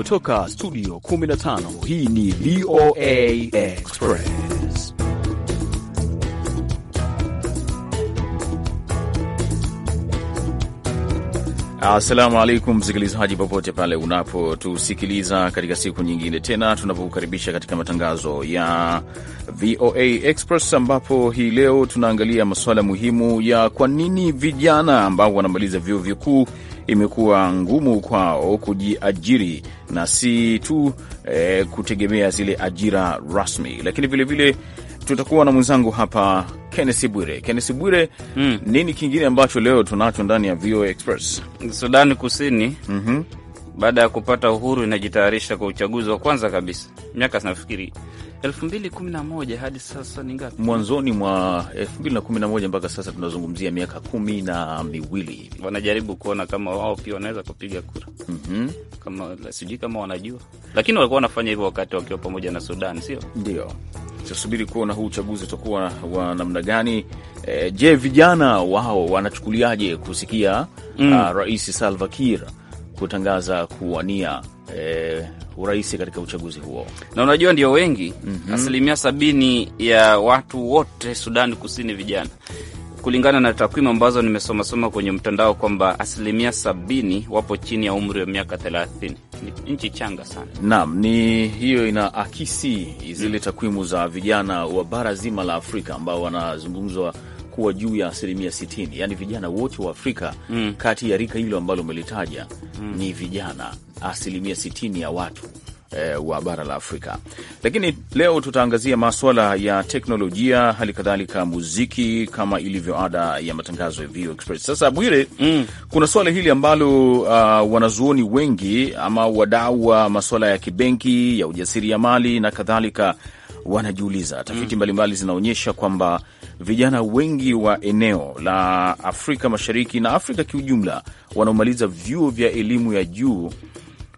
kutoka studio 15 hii ni VOA Express. Assalamu alaikum msikilizaji, popote pale unapotusikiliza katika siku nyingine tena tunapokukaribisha katika matangazo ya VOA Express, ambapo hii leo tunaangalia masuala muhimu ya kwa nini vijana ambao wanamaliza vyuo vikuu imekuwa ngumu kwao kujiajiri na si tu eh, kutegemea zile ajira rasmi, lakini vilevile tutakuwa na mwenzangu hapa Kennesi Bwire. Kennesi Bwire, mm. nini kingine ambacho leo tunacho ndani ya VOA Express? Sudani Kusini mm -hmm. baada ya kupata uhuru inajitayarisha kwa uchaguzi wa kwanza kabisa miaka nafikiri 2011 hadi sasa ni ngapi? Mwanzoni mwa 2011 mpaka sasa tunazungumzia miaka kumi na miwili hivi. Wanajaribu kuona kama wao pia wanaweza kupiga kura mm -hmm. Kama sijui kama wanajua, lakini walikuwa wanafanya hivyo wakati wakiwa pamoja na Sudan, sio ndio? Tutasubiri kuona huu uchaguzi utakuwa wa namna gani. E, je, vijana wao wanachukuliaje kusikia mm. uh, Rais Salva Kiir kutangaza kuwania eh, urais katika uchaguzi huo, na unajua ndio wengi mm -hmm. asilimia sabini ya watu wote Sudani Kusini vijana kulingana na takwimu ambazo nimesomasoma kwenye mtandao kwamba asilimia sabini wapo chini ya umri wa miaka thelathini. Ni nchi changa sana. Naam, ni hiyo ina akisi zile takwimu za vijana wa bara zima la Afrika ambao wanazungumzwa kuwa juu ya asilimia 60, yani vijana wote wa Afrika mm. kati ya rika hilo ambalo umelitaja mm. ni vijana asilimia 60 ya watu E, wa bara la Afrika. Lakini leo tutaangazia maswala ya teknolojia, hali kadhalika muziki, kama ilivyo ada ya matangazo ya VOA Express. Sasa Bwire, mm. kuna swala hili ambalo uh, wanazuoni wengi ama wadau wa maswala ya kibenki, ya ujasiriamali na kadhalika wanajiuliza. Tafiti mm. mbalimbali mm. mbali zinaonyesha kwamba vijana wengi wa eneo la Afrika Mashariki na Afrika kiujumla wanaomaliza vyuo vya elimu ya juu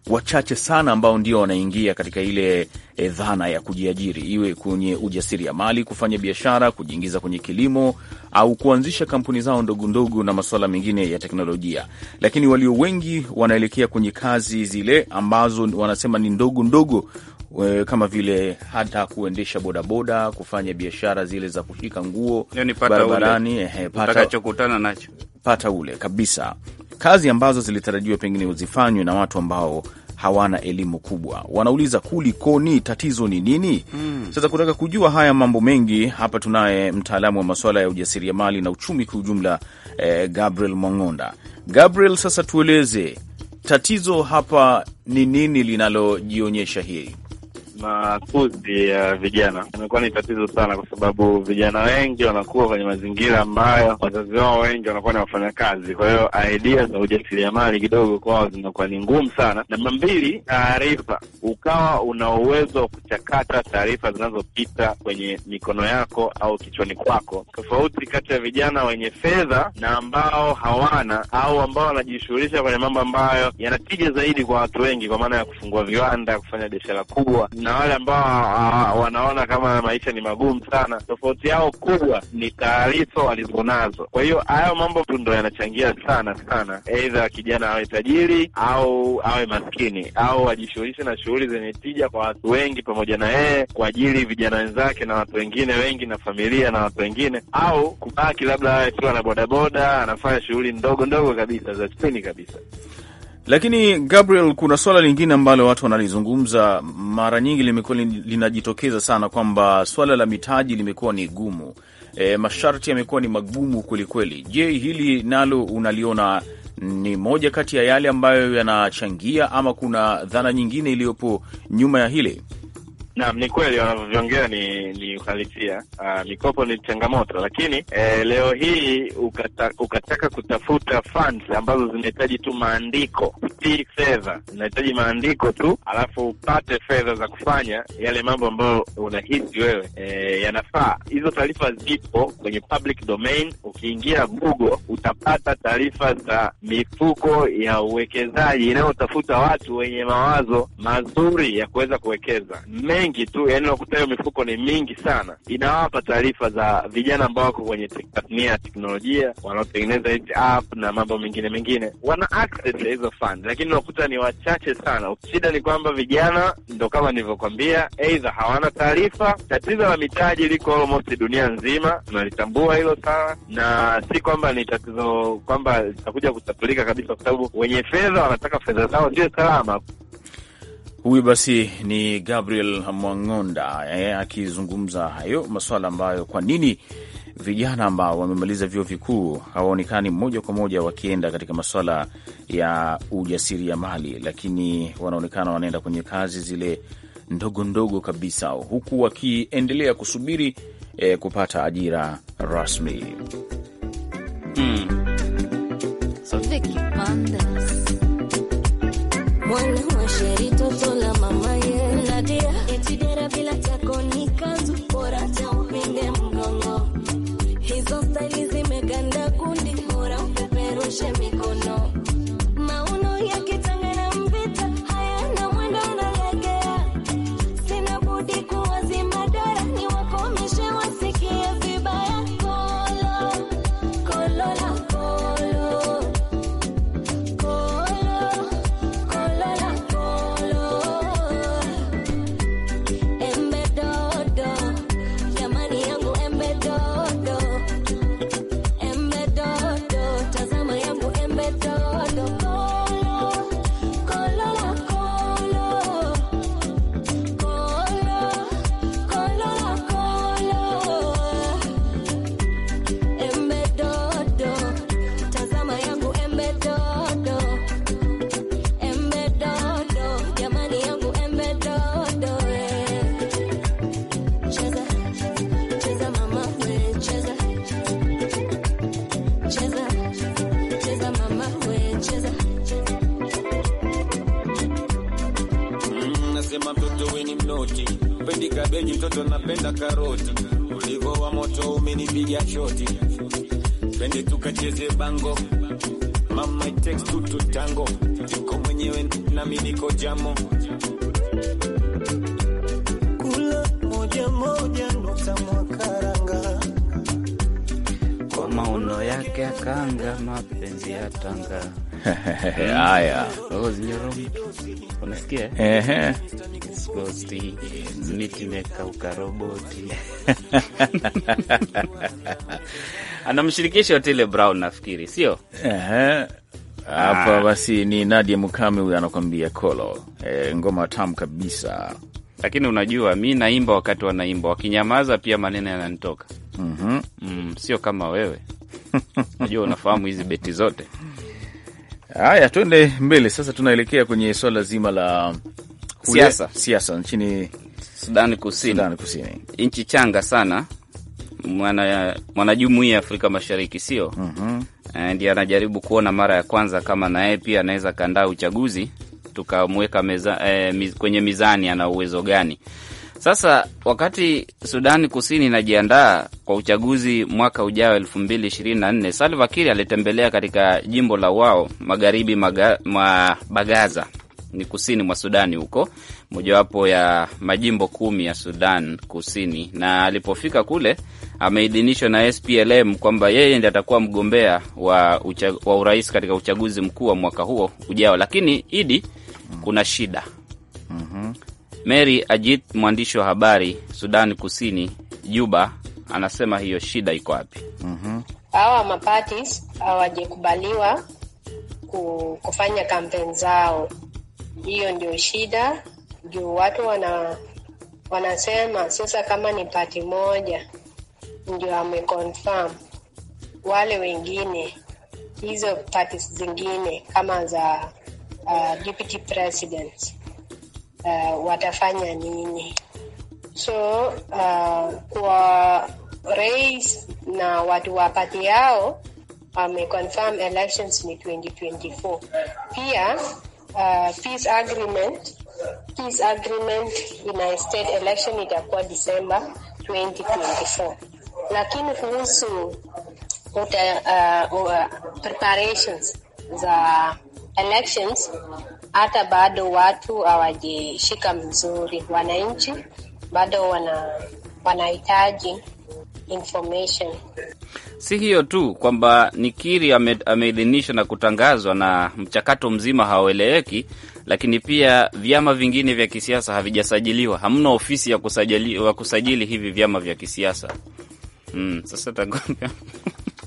wachache sana ambao ndio wanaingia katika ile e, dhana ya kujiajiri, iwe kwenye ujasiriamali, kufanya biashara, kujiingiza kwenye kilimo au kuanzisha kampuni zao ndogo ndogo na masuala mengine ya teknolojia. Lakini walio wengi wanaelekea kwenye kazi zile ambazo wanasema ni ndogo ndogo we, kama vile hata kuendesha bodaboda, boda, kufanya biashara zile za kushika nguo yani barabarani, utakachokutana nacho pata ule kabisa, kazi ambazo zilitarajiwa pengine uzifanywe na watu ambao hawana elimu kubwa. Wanauliza kulikoni, tatizo ni nini? Mm. Sasa kutaka kujua haya mambo mengi, hapa tunaye mtaalamu wa masuala ya ujasiriamali na uchumi kwa ujumla, eh, Gabriel Mwang'onda. Gabriel, sasa tueleze tatizo hapa ni nini linalojionyesha hili makuzi ya uh, eh, vijana imekuwa ni tatizo sana, kwa sababu vijana wengi wanakuwa kwenye mazingira ambayo wazazi wao wengi wanakuwa ni wafanyakazi. Kwa hiyo idea za ujasiriamali kidogo kwao zinakuwa ni ngumu sana. Namba mbili, taarifa, ukawa una uwezo wa kuchakata taarifa zinazopita kwenye mikono yako au kichwani kwako, tofauti kati ya vijana wenye fedha na ambao hawana au ambao wanajishughulisha kwenye mambo ambayo yanatija zaidi kwa watu wengi, kwa maana ya kufungua viwanda, kufanya biashara kubwa na na wale ambao ah, ah, wanaona kama maisha ni magumu sana. Tofauti yao kubwa ni taarifa walizonazo. Kwa hiyo hayo mambo ndo yanachangia sana sana, aidha kijana awe tajiri au awe maskini au ajishughulishe na shughuli zenye tija kwa watu wengi pamoja na yeye, kwa ajili vijana wenzake na watu wengine wengi na familia na watu wengine, au kubaki labda awe tu ana bodaboda, anafanya shughuli ndogo ndogo kabisa za chini kabisa. Lakini Gabriel, kuna swala lingine ambalo watu wanalizungumza mara nyingi, limekuwa linajitokeza sana kwamba swala la mitaji limekuwa ni gumu. E, masharti yamekuwa ni magumu kwelikweli. Je, hili nalo unaliona ni moja kati ya yale ambayo yanachangia ama kuna dhana nyingine iliyopo nyuma ya hili? Naam, ni kweli wanavyoviongea ni ni uhalisia. Ah, mikopo ni changamoto, lakini e, leo hii ukata, ukataka kutafuta funds ambazo zinahitaji tu maandiko, si fedha, zinahitaji maandiko tu, alafu upate fedha za kufanya yale mambo ambayo unahisi wewe e, yanafaa. Hizo taarifa zipo kwenye public domain, ukiingia Google utapata taarifa za mifuko ya uwekezaji inayotafuta watu wenye mawazo mazuri ya kuweza kuwekeza mengi tu, yani unakuta hiyo mifuko ni mingi sana. Inawapa taarifa za vijana ambao wako kwenye tasnia ya teknolojia, wanaotengeneza hizi app na mambo mengine mengine, wana access ya hizo fund, lakini unakuta ni wachache sana. Shida ni kwamba vijana ndo kama nilivyokwambia, aidha hawana taarifa. Tatizo la mitaji liko almost dunia nzima, tunalitambua hilo sana, na si kwamba ni tatizo ambazo kwamba zitakuja kutapulika kabisa, kwa sababu wenye fedha wanataka fedha zao ndio salama. Huyu basi ni Gabriel Mwang'onda eh, akizungumza hayo masuala ambayo kwa nini vijana ambao wamemaliza vyuo vikuu hawaonekani moja kwa moja wakienda katika masuala ya ujasiriamali, lakini wanaonekana wanaenda kwenye kazi zile ndogo ndogo kabisa, huku wakiendelea kusubiri eh, kupata ajira rasmi. Mm. So Vicky Mandas mwana wa sheri toto la mama ye Nadia etidera bango, mama it takes two to tango, niko mwenyewe nami niko jamo, kula moja moja nukta mwakaranga kwa maono yake akanga map kuanzia Tanga. Haya, oh, unasikia miti roboti anamshirikisha Otile Brown nafikiri, sio hapa? Ah. Basi ni Nadia Mukami huyo anakwambia kolo, e, ngoma tamu kabisa. Lakini unajua mi naimba wakati wanaimba, wakinyamaza pia maneno yananitoka. mm -hmm. mm, sio kama wewe Najua unafahamu hizi beti zote. Haya, tuende mbele sasa, tunaelekea kwenye swala zima la siasa, siasa nchini Sudani Kusini. Sudani Kusini, nchi changa sana, mwana ya Afrika Mashariki, sio mm -hmm. Eh, Ndio anajaribu kuona mara ya kwanza kama naye pia anaweza kaandaa uchaguzi tukamweka eh, kwenye mizani, ana uwezo gani? Sasa wakati Sudani Kusini inajiandaa kwa uchaguzi mwaka ujao elfu mbili ishirini na nne, Salva Kiir alitembelea katika jimbo la Wao magharibi maga, mwa Bagaza ni kusini mwa Sudani huko, mojawapo ya majimbo kumi ya Sudan Kusini. Na alipofika kule, ameidhinishwa na SPLM kwamba yeye ndiye atakuwa mgombea wa, ucha, wa urais katika uchaguzi mkuu wa mwaka huo ujao. Lakini idi kuna shida mm -hmm. Mary Ajit, mwandishi wa habari Sudani Kusini, Juba, anasema hiyo shida iko wapi? mm hawa -hmm. maparties hawajakubaliwa kufanya kampeni zao, hiyo ndio shida juu watu wana wanasema sasa, kama ni pati moja ndio ameconfirm, wale wengine hizo pati zingine kama za uh, deputy president uh, watafanya nini. So uh, kwa rais na watu wa pati yao wameconfirm um, elections ni 2024. Pia uh, peace agreement, peace agreement a state election itakuwa December 2024, lakini kuhusu uta, uh, uh, preparations za elections hata bado watu hawajishika mzuri, wananchi bado wana wanahitaji information. Si hiyo tu kwamba nikiri ameidhinishwa na kutangazwa na mchakato mzima haueleweki, lakini pia vyama vingine vya kisiasa havijasajiliwa, hamna ofisi ya kusajili, wa kusajili hivi vyama vya kisiasa mm. Sasa tagonga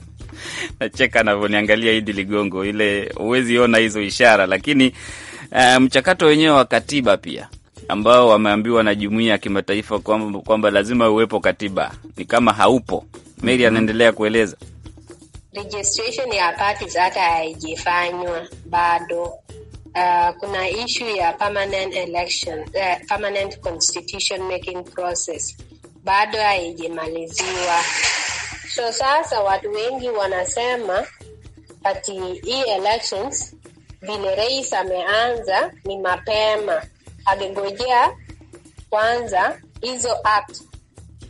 nacheka anavyoniangalia Idi Ligongo, ile huwezi ona hizo ishara lakini e, mchakato wenyewe wa katiba pia ambao wameambiwa na jumuia ya kimataifa kwamba kwamba lazima uwepo katiba, ni kama haupo. Mary mhm. anaendelea kueleza, registration ya parties hata haijifanywa bado. Uh, kuna issue ya permanent election, uh, permanent constitution making process bado haijamaliziwa. So sasa watu wengi wanasema kati hii elections vile rais ameanza ni mapema, alingojea kwanza hizo act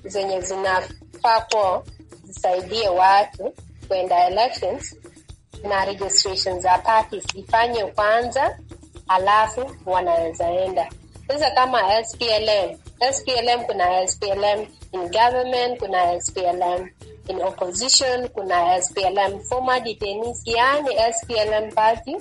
zenye zinafaa kuwa zisaidie watu kwenda elections na registration za parties ifanye kwanza, alafu wanawezaenda sasa. Kama SPLM, SPLM kuna SPLM in government, kuna SPLM in opposition, kuna SPLM former detainees, yani SPLM party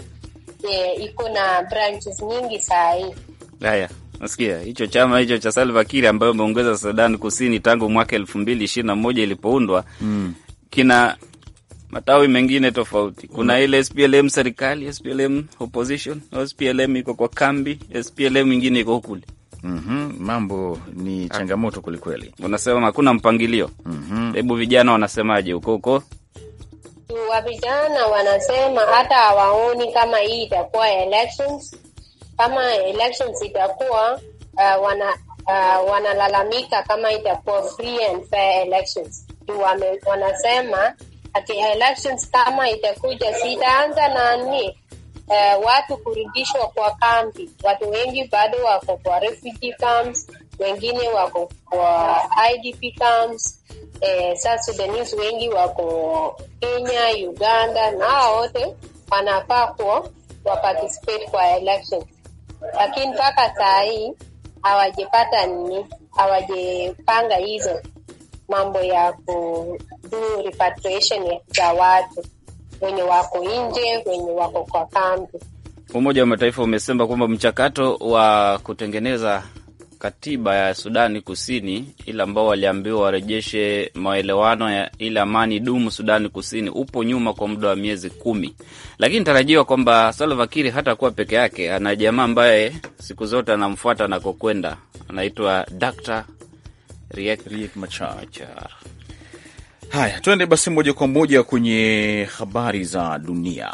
eh, iko na branches nyingi saa hii. Haya, nasikia hicho chama hicho cha Salva Kiir ambayo umeongeza Sudan Kusini tangu mwaka elfu mbili ishirini na moja ilipoundwa mm. kina matawi mengine tofauti. Kuna mm. ile SPLM serikali, SPLM opposition, SPLM iko kwa kambi, SPLM ingine iko kule. Mm -hmm. Mambo ni ah. changamoto kwelikweli, unasema hakuna mpangilio. Mhm. Hebu mm -hmm. vijana wanasemaje huko huko wa vijana wanasema hata hawaoni kama hii itakuwa elections. Kama elections itakuwa uh, wana uh, wanalalamika kama itakuwa free and fair elections. Wame, wanasema ati elections kama itakuja sitaanza nani uh, watu kurudishwa kwa kambi. Watu wengi bado wako kwa refugee camps wengine wako kwa IDP camps eh, South Sudanese wengi wako Kenya, Uganda na hao wote wanafaa kuwa wa participate kwa election, lakini mpaka saa hii hawajepata nini, hawajepanga hizo mambo ya ku do repatriation za watu wenye wako nje, wenye wako kwa kambi. Umoja wa Mataifa umesema kwamba mchakato wa kutengeneza katiba ya Sudani Kusini, ile ambao waliambiwa warejeshe maelewano ya ile amani dumu Sudani Kusini, upo nyuma kwa muda wa miezi kumi, lakini tarajiwa kwamba Salva Kiir hatakuwa peke yake. Ana jamaa ambaye siku zote anamfuata anakokwenda, anaitwa Dr. Riek, Riek Machar, Machar. Haya, tuende basi moja kwa moja kwenye habari za dunia.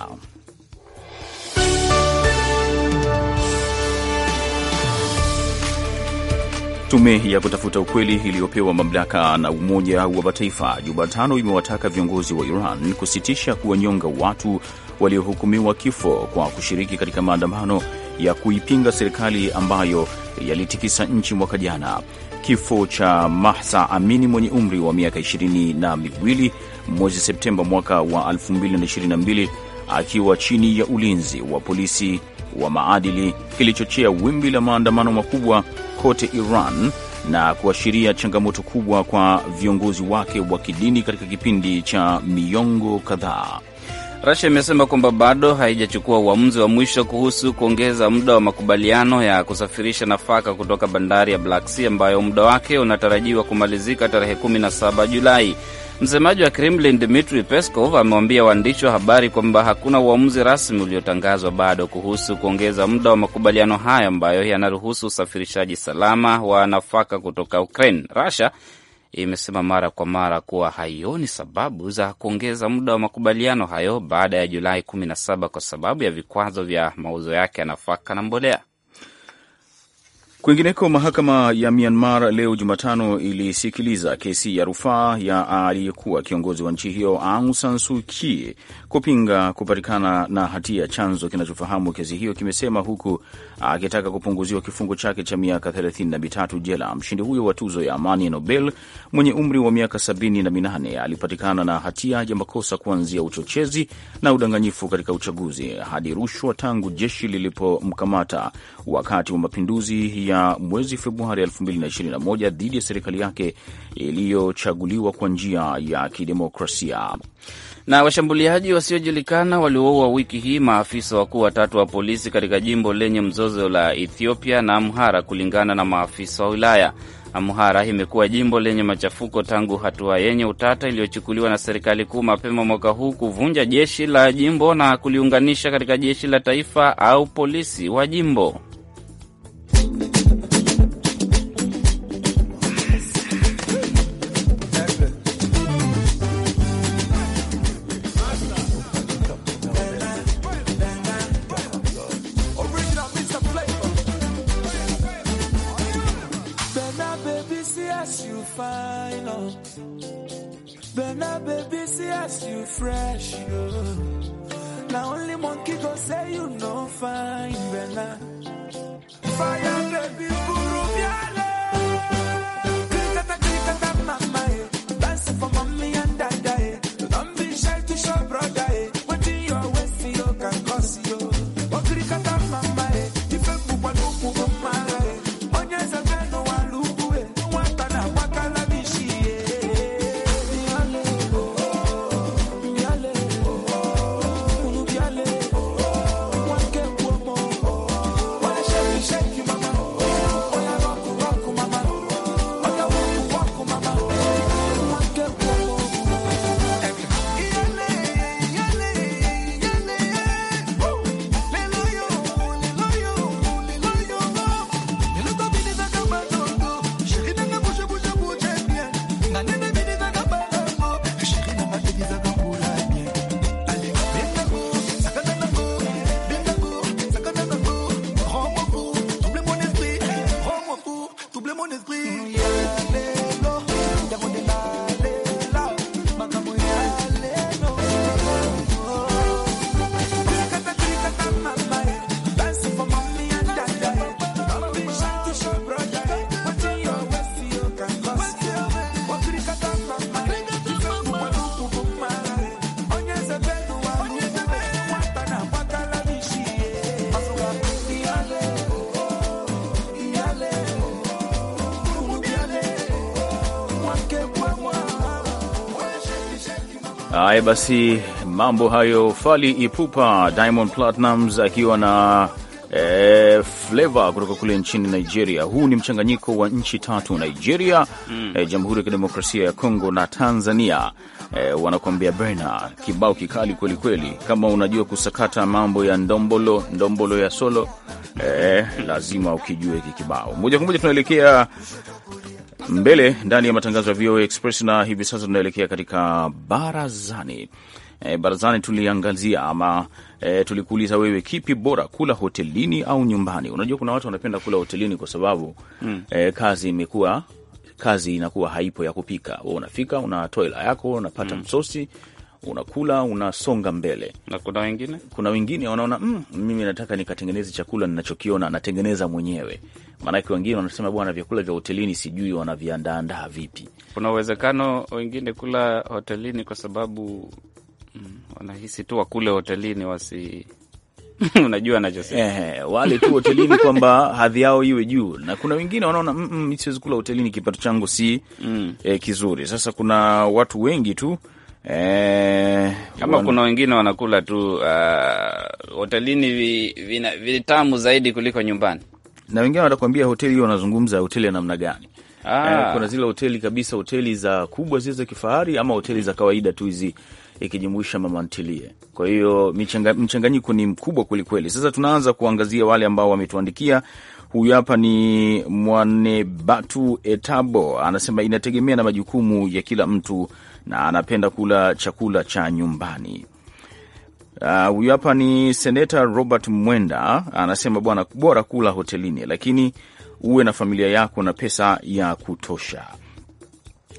Tume ya kutafuta ukweli iliyopewa mamlaka na Umoja wa Mataifa Jumatano imewataka viongozi wa Iran kusitisha kuwanyonga watu waliohukumiwa kifo kwa kushiriki katika maandamano ya kuipinga serikali ambayo yalitikisa nchi mwaka jana. Kifo cha Mahsa Amini mwenye umri wa miaka ishirini na miwili mwezi Septemba mwaka wa 2022 akiwa chini ya ulinzi wa polisi wa maadili kilichochea wimbi la maandamano makubwa kote Iran na kuashiria changamoto kubwa kwa viongozi wake wa kidini katika kipindi cha miongo kadhaa. Rasia imesema kwamba bado haijachukua uamuzi wa mwisho kuhusu kuongeza muda wa makubaliano ya kusafirisha nafaka kutoka bandari ya Black Sea ambayo muda wake unatarajiwa kumalizika tarehe 17 Julai. Msemaji wa Kremlin Dmitri Peskov amewambia waandishi wa habari kwamba hakuna uamuzi rasmi uliotangazwa bado kuhusu kuongeza muda wa makubaliano hayo ambayo yanaruhusu usafirishaji salama wa nafaka kutoka Ukraine. Russia imesema mara kwa mara kuwa haioni sababu za kuongeza muda wa makubaliano hayo baada ya Julai 17 kwa sababu ya vikwazo vya mauzo yake ya nafaka na mbolea. Kwingineko, mahakama ya Myanmar leo Jumatano ilisikiliza kesi ya rufaa ya aliyekuwa kiongozi wa nchi hiyo Aung San Suu Kyi kupinga kupatikana na hatia. Chanzo kinachofahamu kesi hiyo kimesema huku akitaka kupunguziwa kifungo chake cha miaka thelathini na mitatu jela. Mshindi huyo wa tuzo ya amani Nobel mwenye umri wa miaka sabini na minane alipatikana na hatia ya makosa kuanzia uchochezi na udanganyifu katika uchaguzi hadi rushwa tangu jeshi lilipomkamata wakati wa mapinduzi ya mwezi Februari 2021 dhidi ya serikali yake iliyochaguliwa kwa njia ya kidemokrasia. Na washambuliaji wasiojulikana walioua wiki hii maafisa wakuu watatu wa polisi katika jimbo lenye mzozo la Ethiopia na Amhara, kulingana na maafisa wa wilaya. Amhara imekuwa jimbo lenye machafuko tangu hatua yenye utata iliyochukuliwa na serikali kuu mapema mwaka huu kuvunja jeshi la jimbo na kuliunganisha katika jeshi la taifa au polisi wa jimbo. one kick go say you no fine bella. Fire baby buru. Haya basi, mambo hayo fali Ipupa, Diamond Platnumz akiwa na E, Flavor kutoka kule nchini Nigeria. Huu ni mchanganyiko wa nchi tatu Nigeria, mm. e, Jamhuri ya Kidemokrasia ya Kongo na Tanzania. E, wanakuambia bena kibao kikali kweli kweli. Kama unajua kusakata mambo ya ndombolo ndombolo ya solo, e, lazima ukijue hiki kibao. Moja kwa moja tunaelekea mbele ndani ya matangazo ya VOA Express, na hivi sasa tunaelekea katika barazani. E, barazani tuliangazia ama e, tulikuuliza wewe, kipi bora kula hotelini au nyumbani? Unajua kuna watu wanapenda kula hotelini kwa sababu mm, e, kazi imekuwa kazi inakuwa haipo ya kupika. Wewe unafika unatoa hela yako unapata mm, msosi unakula unasonga mbele, na kuna wengine kuna wengine wanaona mm, mimi nataka nikatengeneze chakula ninachokiona natengeneza mwenyewe. Maanake wengine wanasema bwana, vyakula vya hotelini sijui wanaviandaandaa vipi. Kuna uwezekano wengine kula hotelini kwa sababu mm, wanahisi tu wakule hotelini wasi unajua anachosema eh, wale tu hotelini kwamba hadhi yao iwe juu, na kuna wengine wanaona mm, mm siwezi kula hotelini, kipato changu si mm, eh, kizuri. Sasa kuna watu wengi tu Eh, kama wana... kuna wengine wanakula tu uh, hotelini vitamu vi, zaidi kuliko nyumbani, na wengine watakwambia hoteli hiyo, wanazungumza hoteli ya namna gani? Ah. Eh, kuna zile hoteli kabisa, hoteli za kubwa zile za kifahari ama hoteli za kawaida tu hizi ikijumuisha mama ntilie. Kwa hiyo mchanganyiko ni mkubwa kwelikweli. Sasa tunaanza kuangazia wale ambao wametuandikia. Huyu hapa ni Mwanebatu Etabo, anasema inategemea na majukumu ya kila mtu na anapenda kula chakula cha nyumbani. Ah, huyu uh, hapa ni seneta Robert Mwenda anasema, bwana, bora kula hotelini, lakini uwe na familia yako na pesa ya kutosha.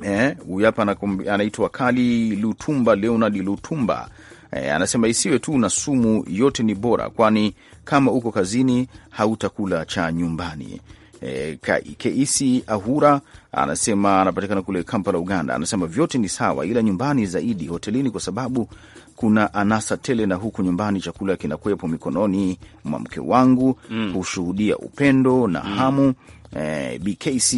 Eh, huyu eh, hapa anaitwa Kali Lutumba, Leonard Lutumba eh, anasema isiwe tu na sumu, yote ni bora, kwani kama uko kazini hautakula cha nyumbani. E, Keisi Ahura anasema anapatikana kule Kampala, Uganda. Anasema vyote ni sawa, ila nyumbani zaidi hotelini, kwa sababu kuna anasa tele, na huku nyumbani chakula kinakwepo mikononi mwa mke wangu mm. hushuhudia upendo na mm. hamu e, BKC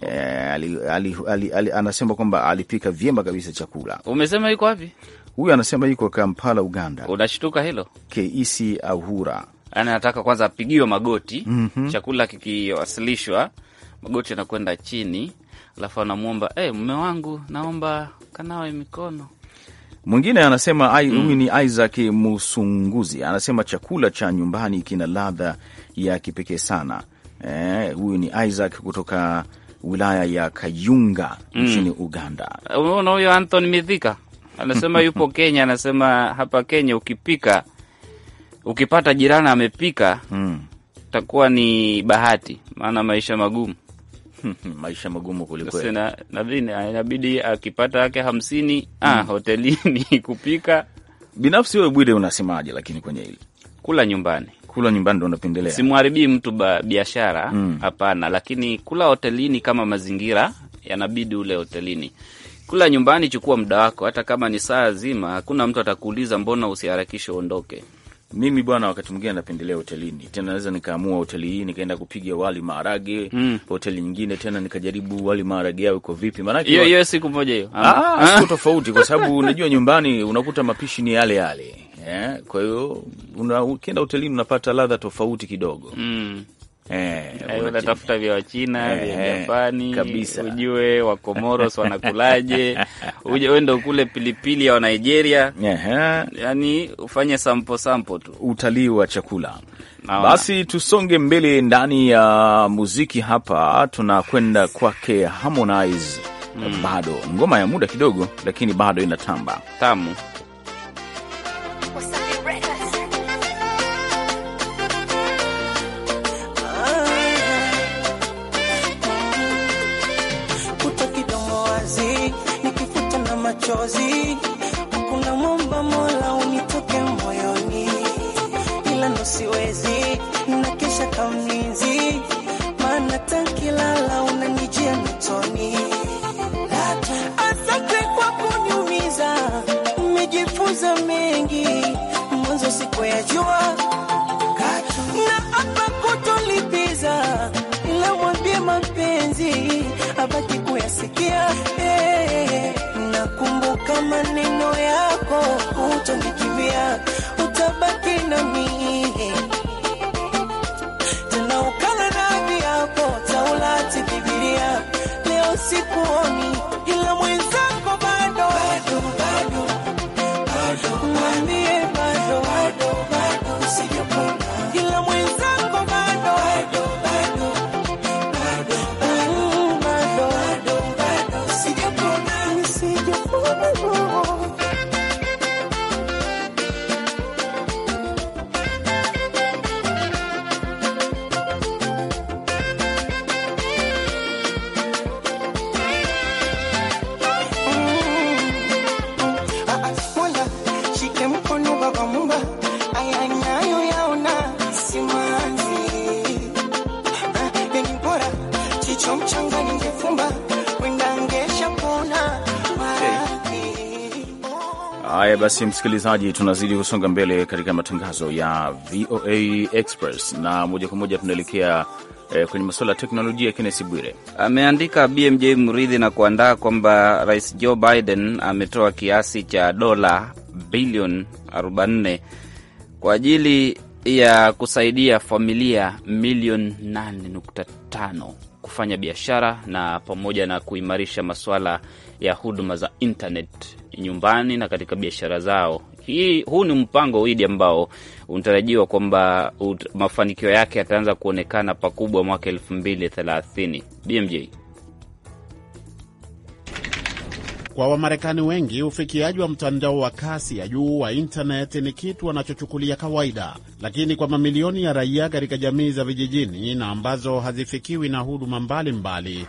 e, ali, ali, ali, ali, anasema kwamba alipika vyema kabisa chakula. Umesema yuko wapi huyu? Anasema yuko Kampala, Uganda. Unashtuka hilo, Keisi Ahura Yaani anataka kwanza apigiwe magoti mm -hmm. Chakula kikiwasilishwa magoti anakwenda chini, alafu anamwomba hey, eh, mume wangu naomba kanawe mikono. Mwingine anasema mm. huyu mm. ni Isaac Musunguzi, anasema chakula cha nyumbani kina ladha ya kipekee sana. Eh, huyu eh, ni Isaac kutoka wilaya ya Kayunga mm. nchini mm. Uganda. Umeona huyo Anthony Mithika anasema yupo Kenya, anasema hapa Kenya ukipika ukipata jirani amepika hmm. takuwa ni bahati, maana maisha magumu maisha magumu kulikweli, inabidi akipata yake hamsini ah, hmm. ah, hotelini kupika. Binafsi wewe Bwide unasemaje? Lakini kwenye hili kula nyumbani, kula nyumbani ndo unapendelea, Simharibii mtu biashara hmm. hapana, mm. lakini kula hotelini kama mazingira yanabidi ule hotelini kula nyumbani, chukua muda wako, hata kama ni saa zima, hakuna mtu atakuuliza mbona usiharakishe uondoke. Mimi bwana, wakati mwingine napendelea hotelini, tena naweza nikaamua hoteli hii nikaenda kupiga wali maharage mm. hoteli nyingine tena nikajaribu wali maharage yao iko vipi, maanake hiyo hiyo siku moja hiyo ah, ah. siku tofauti, kwa sababu unajua nyumbani unakuta mapishi ni yale yale yeah. Kwa hiyo ukienda hotelini unapata ladha tofauti kidogo mm. Eh, eh unatafuta vya Wachina eh, vya eh, Japani kabisa. Ujue Wakomoros wanakulaje, uje wendo kule pilipili ya Wanigeria eh, yani ufanye sampo sampo tu utalii wa chakula Naona. Basi tusonge mbele ndani ya muziki hapa, tunakwenda kwake Harmonize. mm. Bado ngoma ya muda kidogo, lakini bado inatamba tamu. esse come Haya basi, msikilizaji, tunazidi kusonga mbele katika matangazo ya VOA Express na moja kwa moja tunaelekea eh, kwenye masuala ya teknolojia. Kennesi Bwire ameandika BMJ Mridhi na kuandaa kwamba Rais Joe Biden ametoa kiasi cha dola bilioni 44 kwa ajili ya kusaidia familia milioni 8.5 kufanya biashara na pamoja na kuimarisha masuala ya huduma za internet nyumbani na katika biashara zao. Hii, huu ni mpango widi ambao unatarajiwa kwamba mafanikio yake yataanza kuonekana pakubwa mwaka elfu mbili thelathini. BMJ Kwa Wamarekani wengi ufikiaji wa mtandao wa kasi ya juu wa intaneti ni kitu wanachochukulia kawaida, lakini kwa mamilioni ya raia katika jamii za vijijini na ambazo hazifikiwi na huduma mbalimbali mbali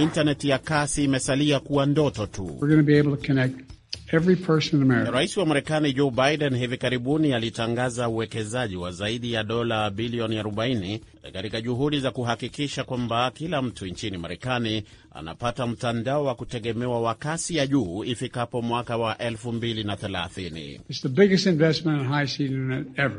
intaneti ya kasi imesalia kuwa ndoto tu. Rais wa Marekani Joe Biden hivi karibuni alitangaza uwekezaji wa zaidi ya dola bilioni 40 katika juhudi za kuhakikisha kwamba kila mtu nchini Marekani anapata mtandao wa kutegemewa wa kasi ya juu ifikapo mwaka wa 2030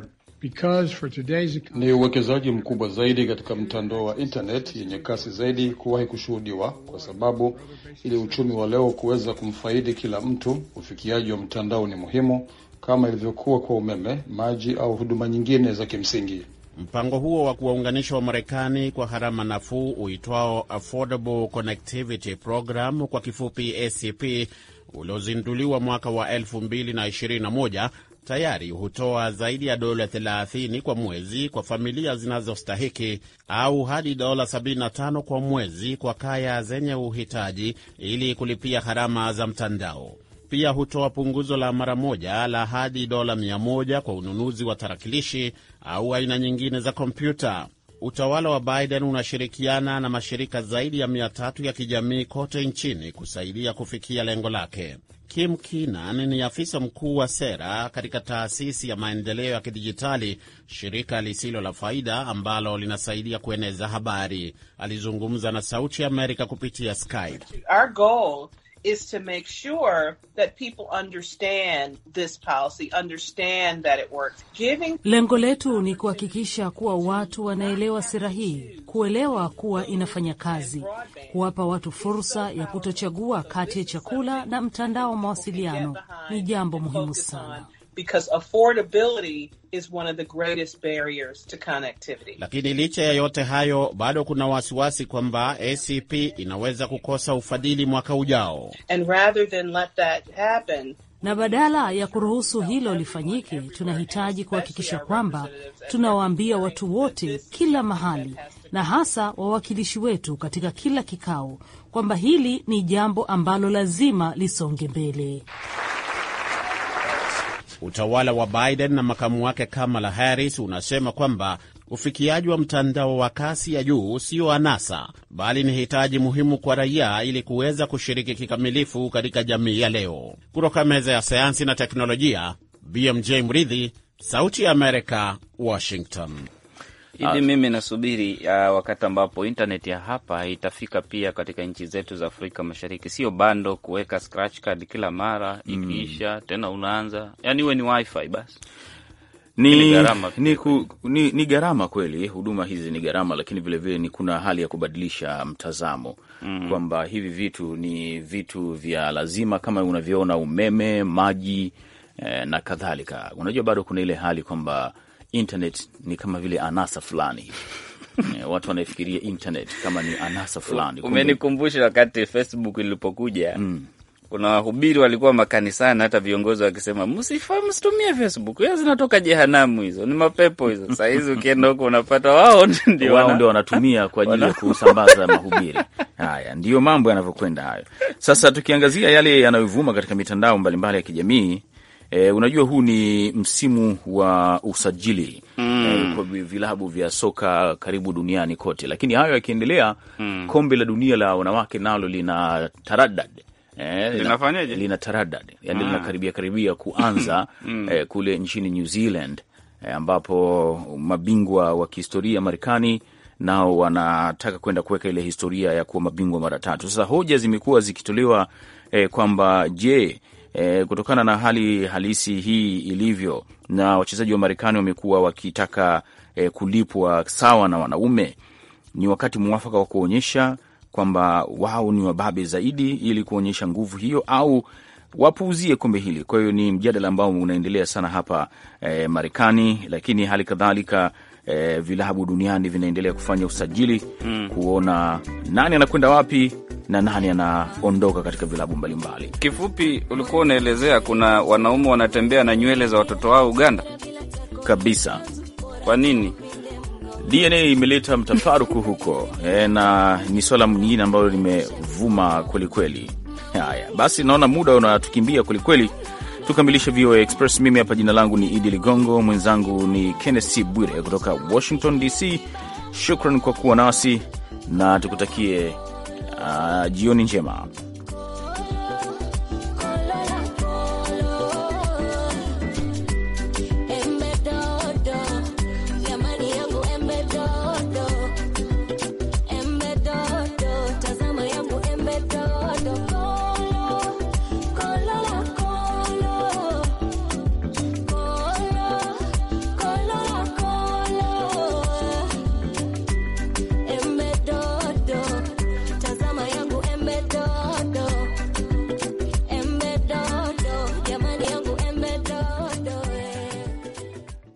ni uwekezaji mkubwa zaidi katika mtandao wa internet yenye kasi zaidi kuwahi kushuhudiwa, kwa sababu ili uchumi wa leo kuweza kumfaidi kila mtu, ufikiaji wa mtandao ni muhimu kama ilivyokuwa kwa umeme, maji au huduma nyingine za kimsingi. Mpango huo wa kuwaunganisha wa marekani kwa gharama nafuu uitwao Affordable Connectivity Program, kwa kifupi ACP, uliozinduliwa mwaka wa 2021 tayari hutoa zaidi ya dola 30 kwa mwezi kwa familia zinazostahiki au hadi dola 75 kwa mwezi kwa kaya zenye uhitaji ili kulipia gharama za mtandao. Pia hutoa punguzo la mara moja la hadi dola 100 kwa ununuzi wa tarakilishi au aina nyingine za kompyuta. Utawala wa Biden unashirikiana na mashirika zaidi ya mia tatu ya kijamii kote nchini kusaidia kufikia lengo lake. Kim kinan ni afisa mkuu wa sera katika taasisi ya maendeleo ya kidijitali, shirika lisilo la faida ambalo linasaidia kueneza habari. Alizungumza na Sauti ya Amerika kupitia Skype. Our goal is to make sure that people understand this policy, understand that it works. Giving... Lengo letu ni kuhakikisha kuwa watu wanaelewa sera hii, kuelewa kuwa inafanya kazi, kuwapa watu fursa ya kutochagua kati ya chakula na mtandao wa mawasiliano ni jambo muhimu sana because affordability is one of the greatest barriers to connectivity. Lakini licha ya yote hayo, bado kuna wasiwasi kwamba ACP inaweza kukosa ufadhili mwaka ujao. And rather than let that happen, na badala ya kuruhusu hilo lifanyike, tunahitaji kuhakikisha kwamba tunawaambia watu wote kila mahali, na hasa wawakilishi wetu katika kila kikao, kwamba hili ni jambo ambalo lazima lisonge mbele. Utawala wa Biden na makamu wake Kamala Harris unasema kwamba ufikiaji wa mtandao wa kasi ya juu siyo anasa, bali ni hitaji muhimu kwa raia ili kuweza kushiriki kikamilifu katika jamii ya leo. Kutoka meza ya sayansi na teknolojia, BMJ Mridhi, Sauti ya Amerika, Washington hivi mimi nasubiri uh, wakati ambapo internet ya hapa itafika pia katika nchi zetu za Afrika Mashariki, sio bando kuweka scratch card kila mara mm. ikiisha, mm. tena unaanza yani iwe ni wifi basi ni gharama ni, ni, ni gharama kweli. Huduma hizi ni gharama, lakini vilevile ni kuna hali ya kubadilisha mtazamo mm -hmm. kwamba hivi vitu ni vitu vya lazima kama unavyoona umeme, maji eh, na kadhalika. Unajua bado kuna ile hali kwamba internet ni kama vile anasa fulani eh, watu wanaifikiria internet kama ni anasa fulani. Umenikumbusha wakati Facebook ilipokuja mm. Kuna wahubiri walikuwa makanisani, hata viongozi wakisema msifa, msitumie Facebook, hiyo zinatoka jehanamu, hizo ni mapepo hizo. Saa hizi ukienda huko unapata wao ndio wao ndio wanatumia kwa ajili ya kusambaza mahubiri haya. Ndiyo mambo yanavyokwenda hayo. Sasa tukiangazia yale yanayovuma katika mitandao mbalimbali mbali ya kijamii E, unajua huu ni msimu wa usajili mm. e, kwa vilabu vya soka karibu duniani kote, lakini hayo yakiendelea mm. kombe la dunia la wanawake nalo lina taradad eh, linafanyaje? Lina taradad yani, ah. linakaribia karibia kuanza mm. e, kule nchini New Zealand e, ambapo mabingwa wa kihistoria Marekani nao wanataka kwenda kuweka ile historia ya kuwa mabingwa mara tatu. Sasa hoja zimekuwa zikitolewa e, kwamba je, e, kutokana na hali halisi hii ilivyo, na wachezaji wa Marekani wamekuwa wakitaka e, kulipwa sawa na wanaume, ni wakati mwafaka wa kuonyesha kwamba wao ni wababe zaidi, ili kuonyesha nguvu hiyo au wapuuzie kombe hili. Kwa hiyo ni mjadala ambao unaendelea sana hapa e, Marekani, lakini hali kadhalika e, vilabu duniani vinaendelea kufanya usajili mm, kuona nani anakwenda wapi na nani anaondoka katika vilabu mbalimbali. Kifupi ulikuwa unaelezea kuna wanaume wanatembea na nywele za watoto wao Uganda kabisa. Kwa nini? DNA imeleta mtafaruku huko e, na ni swala mwingine ambalo limevuma kwelikweli. Haya basi, naona muda unatukimbia kwelikweli tukamilishe VOA Express. Mimi hapa jina langu ni Idi Ligongo, mwenzangu ni kennesi Bwire kutoka Washington DC. Shukran kwa kuwa nasi na tukutakie uh, jioni njema.